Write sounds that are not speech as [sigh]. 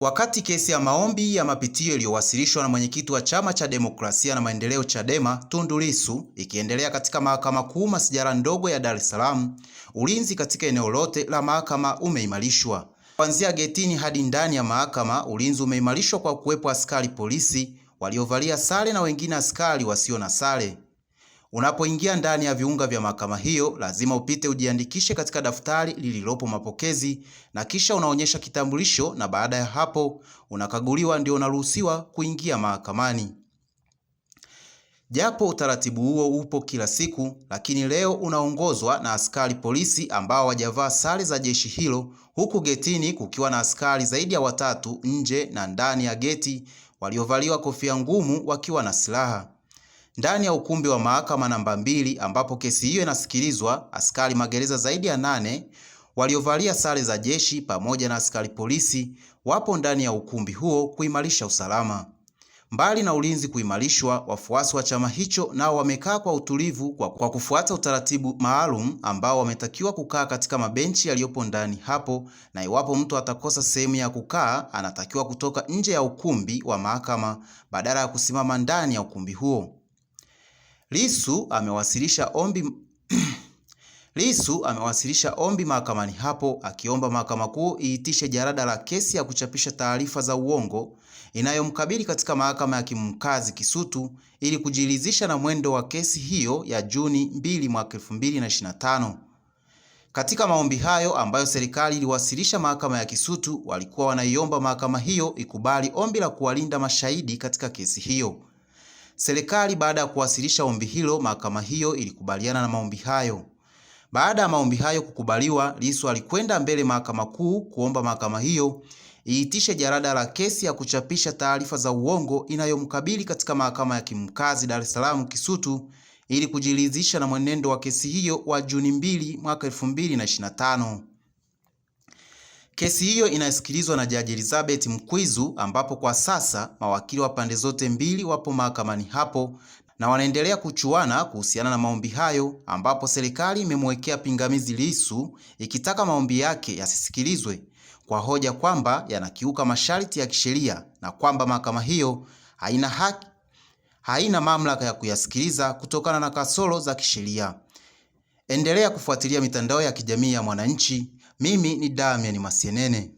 Wakati kesi ya maombi ya mapitio iliyowasilishwa na mwenyekiti wa Chama cha Demokrasia na Maendeleo Chadema, Tundu Lissu ikiendelea katika Mahakama Kuu masijara ndogo ya Dar es Salaam, ulinzi katika eneo lote la mahakama umeimarishwa. Kuanzia getini hadi ndani ya mahakama, ulinzi umeimarishwa kwa kuwepo askari polisi waliovalia sare na wengine askari wasio na sare. Unapoingia ndani ya viunga vya mahakama hiyo, lazima upite ujiandikishe katika daftari lililopo mapokezi na kisha unaonyesha kitambulisho, na baada ya hapo unakaguliwa, ndio unaruhusiwa kuingia mahakamani. Japo utaratibu huo upo kila siku, lakini leo unaongozwa na askari polisi ambao wajavaa sare za jeshi hilo, huku getini kukiwa na askari zaidi ya watatu nje na ndani ya geti waliovaliwa kofia ngumu wakiwa na silaha. Ndani ya ukumbi wa mahakama namba mbili ambapo kesi hiyo inasikilizwa, askari magereza zaidi ya nane waliovalia sare za jeshi pamoja na askari polisi wapo ndani ya ukumbi huo kuimarisha usalama. Mbali na ulinzi kuimarishwa, wafuasi wa chama hicho nao wamekaa kwa utulivu kwa, kwa kufuata utaratibu maalum ambao wametakiwa kukaa katika mabenchi yaliyopo ndani hapo, na iwapo mtu atakosa sehemu ya kukaa anatakiwa kutoka nje ya ukumbi wa mahakama badala ya kusimama ndani ya ukumbi huo. Lissu amewasilisha ombi [clears throat] Lissu amewasilisha ombi mahakamani hapo akiomba Mahakama Kuu iitishe jarada la kesi ya kuchapisha taarifa za uongo inayomkabili katika Mahakama ya Kimkazi Kisutu ili kujiridhisha na mwendo wa kesi hiyo ya Juni 2 mwaka 2025. Katika maombi hayo ambayo serikali iliwasilisha Mahakama ya Kisutu, walikuwa wanaiomba mahakama hiyo ikubali ombi la kuwalinda mashahidi katika kesi hiyo. Serikali baada ya kuwasilisha ombi hilo, mahakama hiyo ilikubaliana na maombi hayo. Baada ya maombi hayo kukubaliwa, Lissu alikwenda mbele Mahakama Kuu kuomba mahakama hiyo iitishe jarada la kesi ya kuchapisha taarifa za uongo inayomkabili katika Mahakama ya Kimkazi Dar es Salaam Kisutu ili kujiridhisha na mwenendo wa kesi hiyo wa Juni 2 mwaka 2025. Kesi hiyo inasikilizwa na Jaji Elizabeth Mkwizu ambapo kwa sasa mawakili wa pande zote mbili wapo mahakamani hapo na wanaendelea kuchuana kuhusiana na maombi hayo ambapo serikali imemwekea pingamizi Lissu ikitaka maombi yake yasisikilizwe kwa hoja kwamba yanakiuka masharti ya kisheria na kwamba mahakama hiyo haina haki, haina mamlaka ya kuyasikiliza kutokana na kasoro za kisheria. Endelea kufuatilia mitandao ya kijamii ya Mwananchi mimi ni Damian Masienene.